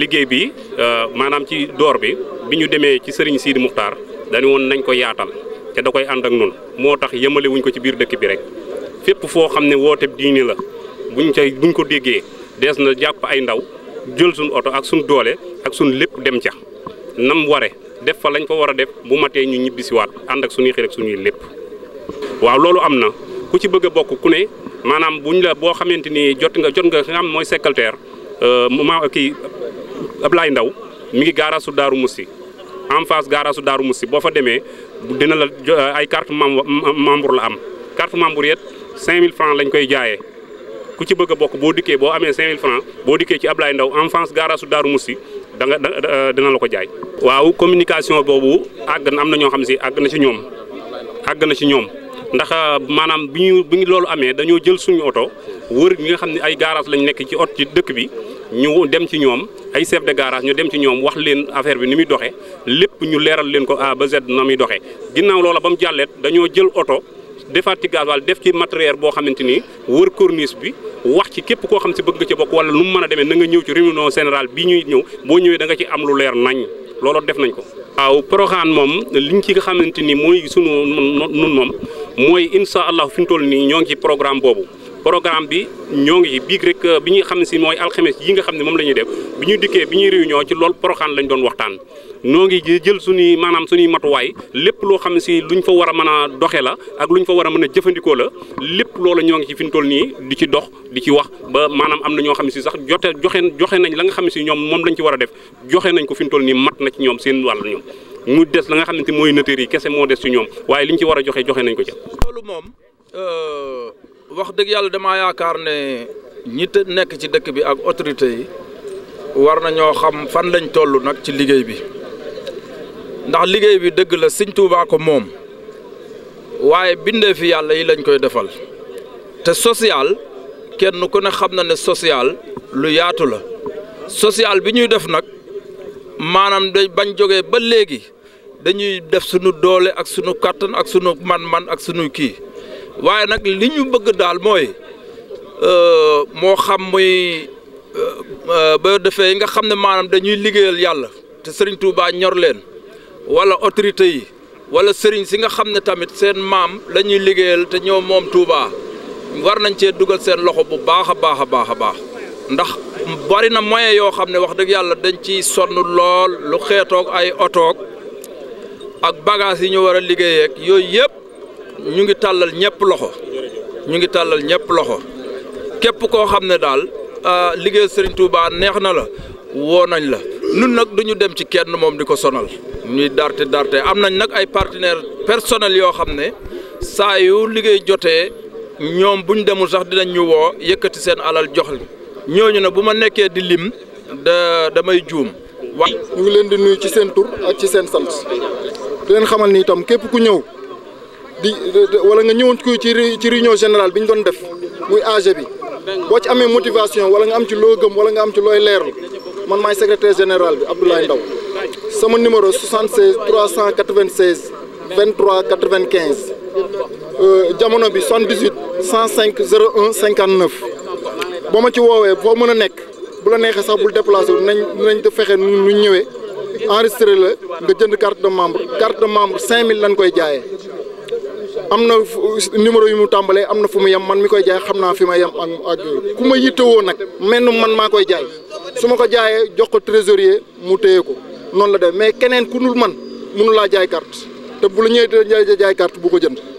liggéey bi euh, maanaam ci door bi bi ñu demee ci sëriñ Sidi Muxtaar dañu woon nañ ko yaatal te da koy ànd ak nun moo tax yëmale wuñ ko ci biir dëkk bi rek fépp foo xam ne woote diini la buñ cay buñ ko déggee des na jàpp ay ndaw jël suñ oto ak suñ doole ak suñ lépp dem ca nam ware def fa lañ fa war a def bu matee ñu ñibbi si ñibbisiwaat ànd ak suñuy xel ak suñuy lépp waaw loolu am na ku ci bëgg a bokk ku ne maanaam buñ la boo xamante ni jot nga jot nga xam mooy secrétaire euh, Ablaye Ndaw mu ngi gaaraasu Daaru Musti en face gaaraasu Daaru mussi boo fa demee dina la ay carte membre la am carte membre yet 5000 francs lañ koy jaayee ku ci bëgg a bokk boo dikkee boo amee 5000 francs boo dikkee ci Ablaye Ndaw en face gaaraasu Daaru Musti da nga dina la ko jaay. waaw communication boobu àgg na am na ñoo xam si àgg na ci ñoom àgg na ci ñoom. ndax euh, maanaam bi ñu bi ñu loolu amee dañoo jël suñu oto wër ñi nga xam ne ay garage lañu nekk ci ot ci dëkk bi ñu dem ci ñoom ay chef de garage ñu dem ci ñoom wax leen affaire bi ni muy doxee lépp ñu leeral leen ko A ba Z na muy doxee ginnaaw loola ba mu jàlleet dañoo jël oto defaat ci gasoil def ci matériel boo xamante ni wër corniche bi wax ci képp koo xam si bëgg nga ci bokk wala nu mu mën a demee na nga ñëw ci réunion sénéral bii ñuy ñëw boo ñëwee da nga ci am lu leer nañ looloo def nañ ko. aw Porokhane moom liñ ci nga xamante ni mooy sunu nun moom mooy incha allah fi mu toll nii ñoo ngi ci programme programme bi ñoo ngi biig rek euh, bi ñuy xam ne si mooy alxames yi nga xam ne moom la ñuy def bi ñuy dikkee bi ñuy réunion ci loolu poroxaan lañ doon waxtaan noo ngi jël suñuy maanaam suñuy matuwaay lépp loo xam ne si luñ fa war a mën a doxe la ak luñ fa war a mën a jëfandikoo la lépp loola ñoo ngi ci fi ñu toll nii di ci dox di ci wax ba maanaam am na ñoo xam ne si sax jote joxe joxe nañ la nga xam ne si ñoom moom lañ ci war a def joxe nañ ko fi ñu toll nii mat na ci ñoom seen wàll ñoom mu des la nga xamante mooy notaire yi kese moo des ci ñoom waaye liñ ci war a joxe joxe nañ ko ca wax dëgg yàlla damaa yaakaar ne ñi te nekk ci dëkk bi ak autorité yi war na ñoo xam fan lañ toll nag ci liggéey bi ndax liggéey bi dëgg la sëñ Tuubaa ko moom waaye bindee fi yàlla yi lañ koy defal te social kenn ku ne xam na ne social lu yaatu la social bi ñuy def nag maanaam day bañ jógee ba léegi dañuy def sunu doole ak sunu kàttan ak sunu man-man ak sunu kii waaye nag li ñu bëgg daal mooy euh, moo xam muy euh, euh, ba defee yi nga xam ne maanaam dañuy liggéeyal yàlla te sëriñ Touba ñor leen wala autorité yi wala sëriñ si nga xam ne tamit seen maam la liggéeyal te ñoom moom Touba war nañ cee dugal seen loxo bu baax a baax a baax a baax ndax bari na moyen yoo xam ne wax dëgg yàlla dañ ciy sonn lool lu xeetoog ay otoog ak bagage yi ñu war a liggéeyee yooyu yëpp. ñu ngi tàllal ñëpp loxo ñu ngi tàllal ñëpp loxo képp koo xam ne daal ah, liggéey Serigne Touba neex na la woo nañ la nun nag duñu dem ci kenn moom di ko sonal ñuy darte darte am nañ nag ay partenaires personnels yoo xam ne saa yu liggéey jotee ñoom buñ demul sax dinañ ñu woo yëkkati seen alal jox ñooñu ne bu ma nekkee di lim da damay juum. ñu ngi leen di nuyu ci seen tur ak ci seen sant di leen xamal ni itam képp ku ñëw. di wala nga ñëwoon ci ci réunion général bi ñu doon def muy AG bi boo ci amee motivation wala nga am ci loo gëm wala nga am ci looy leerlu man maay secretaire général bi Abdoulaye Ndaw sama numéro 76 396 23 95 jamono bi 78 105 01 59 boo ma ci woowee foo mën a nekk bu la neexee sax bul déplacé wu nañ nañ ko fexe nu ñëwee enregistré la nga jënd carte de membre carte de membre 5000 lañ koy jaayee. am na numéro yu mu tàmbalee am na fu mu yem man mi koy jaay xam naa fi ma yem ak ak ku ma yittewoo nag mel ni man maa koy jaay su ma ko jaayee jox ko trésorier mu téye ko noonu la def mais keneen ku man munu laa jaay carte te bu la ñëwee jaay kart bu ko jënd.